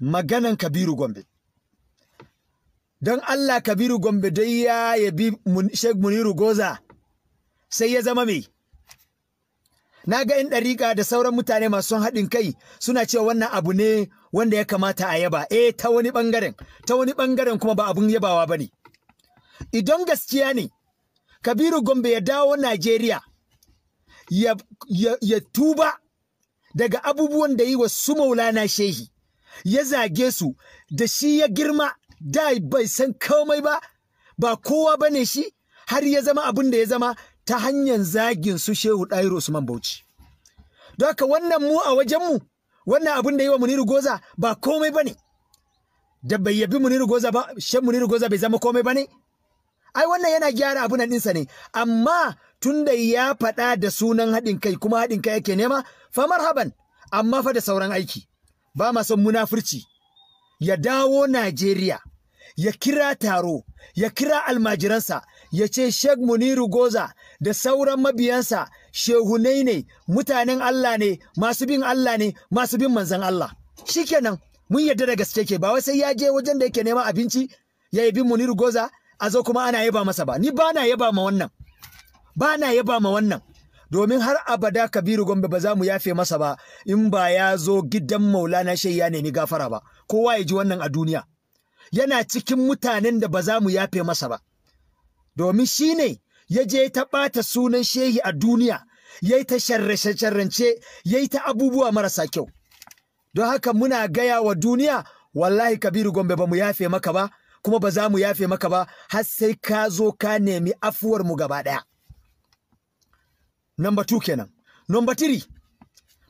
maganan Kabiru Gombe. Don Allah Kabiru Gombe dai ya yabi Sheikh Muniru Goza sai ya zama mai. Na ga in ɗariƙa da sauran mutane masu haɗin kai suna cewa wannan abu ne wanda ya kamata a yaba, eh ta wani ɓangaren, ta wani ɓangaren kuma ba abun yabawa ba ne. Idan gaskiya ne, Kabiru Gombe ya dawo Najeriya, ya, tuba daga abubuwan da yi wa su maulana shehi. ya zage su da shi ya girma da bai san komai ba ba kowa ba ne shi har ya zama abin da ya zama ta hanyar zagin su shehu ɗairo usman bauchi don haka wannan mu a wajenmu wannan abin da yi wa muniru goza ba komai ba ne da bai yabi muniru goza ba shan muniru goza bai zama komai ba ne ai wannan yana gyara abun nan ɗinsa ne amma tun da ya faɗa da sunan haɗin kai kuma haɗin kai yake nema fa marhaban amma fa da sauran aiki ba ma son munafurci ya dawo Najeriya ya kira taro ya kira almajiransa ya ce Sheikh Muniru Goza da sauran mabiyansa shehunai ne mutanen Allah ne masu bin Allah ne masu bin manzan Allah shikenan mun yarda da gaske ke ba wai sai ya je wajen da yake nema abinci ya bin Muniru Goza a zo kuma ana yaba masa ba ni ba na yaba ma wannan ba na yaba ma wannan domin har abada Kabiru Gombe ba za mu yafe masa ba in ba ya zo gidan Maulana shai ya nemi gafara ba kowa ya ji wannan a duniya yana cikin mutanen da ba za mu yafe masa ba domin shi ne ya je ta ɓata sunan Shehi a duniya ya ta sharrace-sharrance ya ta abubuwa marasa kyau don haka muna gaya wa duniya wallahi Kabiru Gombe ba mu yafe maka ba kuma ba za mu yafe maka ba har sai ka zo ka nemi afuwar mu gaba ɗaya. Namba 2 kenan. Ba fa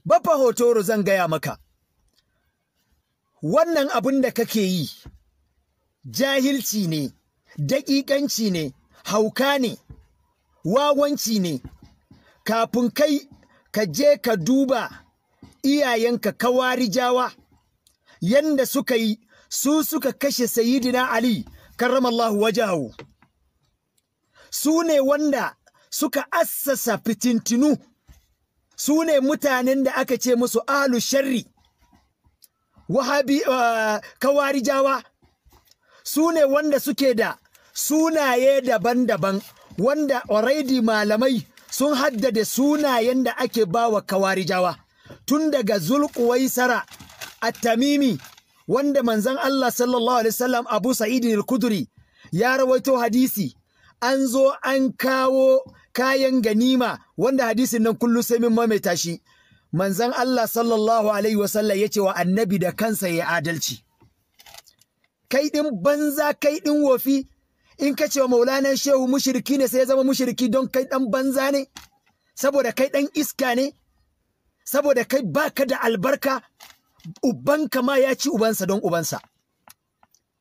Baffa Hotoro zan gaya maka, wannan abin da kake yi, jahilci ne, daƙiƙanci ne, hauka ne, wawanci ne, kafin kai ka je ka duba iyayenka jawa yanda suka yi, su suka kashe Sayidina Ali, karramallahu wajahu. Su ne wanda suka assasa fitintinu su ne mutanen da aka ce musu alu sharri wahabi uh, kawarijawa su ne wanda suke da sunaye daban-daban wanda already malamai sun haddada sunayen da ake bawa kawarijawa tun daga zulkuwaisara a tamimi wanda manzan Allah sallallahu alaihi wasallam Abu Sa'id al kuduri ya rawaito hadisi an zo an kawo kayan ganima wanda hadisin nan kullu sai min mamaita shi manzon Allah sallallahu alaihi wasallam yace wa annabi da kansa ya adalci kai din banza kai din wofi in ka ce wa maulanan shehu mushriki ne sai ya zama mushriki don kai ɗan banza ne saboda kai ɗan iska ne saboda kai baka da albarka ubanka ma ya ci ubansa don ubansa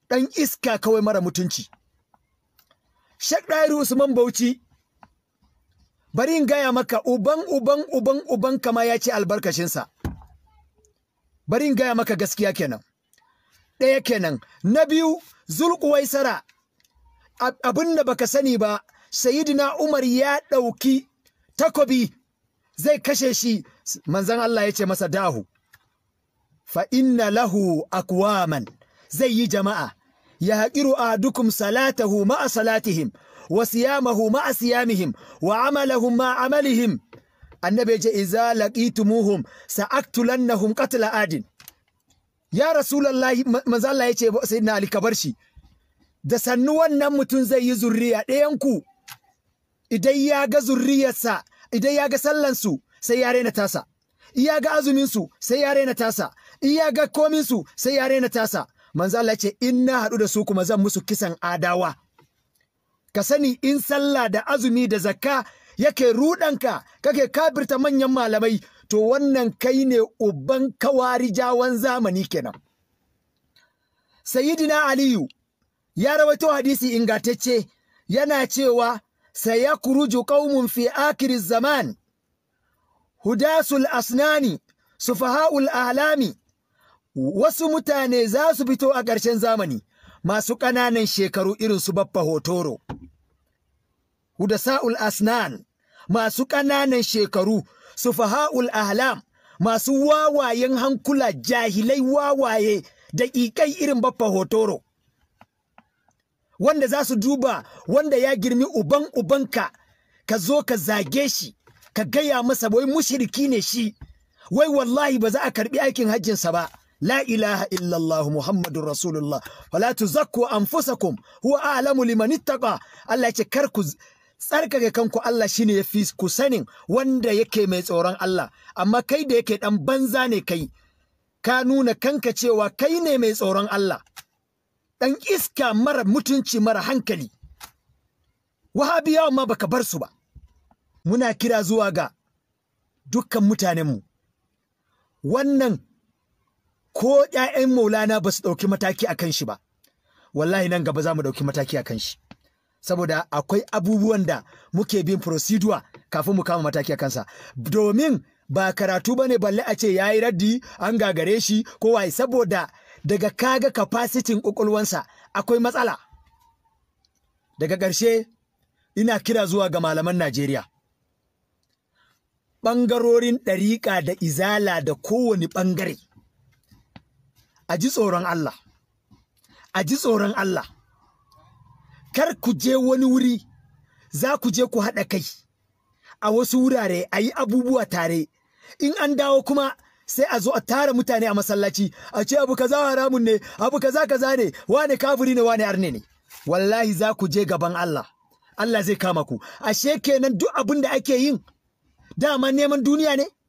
Ɗan iska kawai mara mutunci Sheikh Usman Bauchi bari in gaya maka uban uban uban uban kama ya ce albarkacinsa bari in gaya maka gaskiya kenan ɗaya kenan na biyu sara. abin da baka sani ba sayidina umar ya ɗauki takobi zai kashe shi manzan Allah ya ce masa dahu fa inna lahu akwaman zai yi jama'a ya haƙiru a dukum salatahu ma'a salatihim وصيامه مع صيامهم وعملهم wa عملهم ma'a amalihim annabi ya ce قتل laqitumuhum يا رسول adin ya rasulullahi manzo Allah ya ce shi da sannu wannan mutum zai yi zurriya ɗayan idan ya ga zurriyarsa idan ya ga sallansu sai ya raina tasa iya ga azuminsu sai ya raina tasa iya ga kominsu sai ya raina tasa manzo Allah ce in na haɗu da su kuma zan musu kisan adawa ka sani in sallah da azumi da zakka yake rudanka kake kabirta manyan malamai to wannan kai ne uban kawarijawan zamani kenan sayyidina aliyu ya rawaito hadisi ingantacce yana cewa sai kuruju qaumun fi akhir zaman hudasul asnani sufaha'ul ahlami wasu mutane za su fito a ƙarshen zamani masu ƙananan shekaru irin su baffa hotoro sa’ul asnan masu ƙananan shekaru su sufaha'ul ahlam masu wawayen hankula jahilai wawaye da daƙiƙai irin baffa hotoro wanda za su duba wanda ya girmi uban ubanka ka zo ka zage shi ka gaya masa wai mushiriki ne shi wai wallahi ba za a karbi aikin hajjinsa ba la ilaha illallah muhammadun rasulullah wala tuzakku anfusakum huwa a'lamu liman taɓa Allah ce kar ku tsarkake kanku Allah shine yafi ku sanin wanda yake mai tsoron Allah amma kai da yake ɗan banza ne kai ka nuna kanka cewa kai ne mai tsoron Allah Ɗan iska mara mutunci mara hankali wahabiyawa ma baka bar su ba muna kira zuwa ga dukkan mutanenmu wannan ko ‘ya'yan maulana ba su ɗauki mataki a kan shi ba, wallahi nan gaba za mu ɗauki mataki a shi. saboda akwai abubuwan da muke bin procedure kafin mu kama mataki a kansa domin ba karatu ba ne balle a ce yi raddi an gagare shi ko wai saboda daga kaga capacity ƙwaƙwalwansa akwai matsala daga ƙarshe ina kira zuwa ga malaman Najeriya ɓangarorin ɗariƙa da izala da kowane ɓangare a ji tsoron Allah a ji tsoron Allah kar ku je wani wuri za ku je ku haɗa kai a wasu wurare a yi abubuwa tare in an dawo kuma sai a zo a tara mutane a masallaci a ce abu kaza haramun ne abu kaza kaza ne wane kafiri ne wane arne ne wallahi za ku je gaban Allah Allah zai kama ku ashe kenan duk abin da ake yin dama neman duniya ne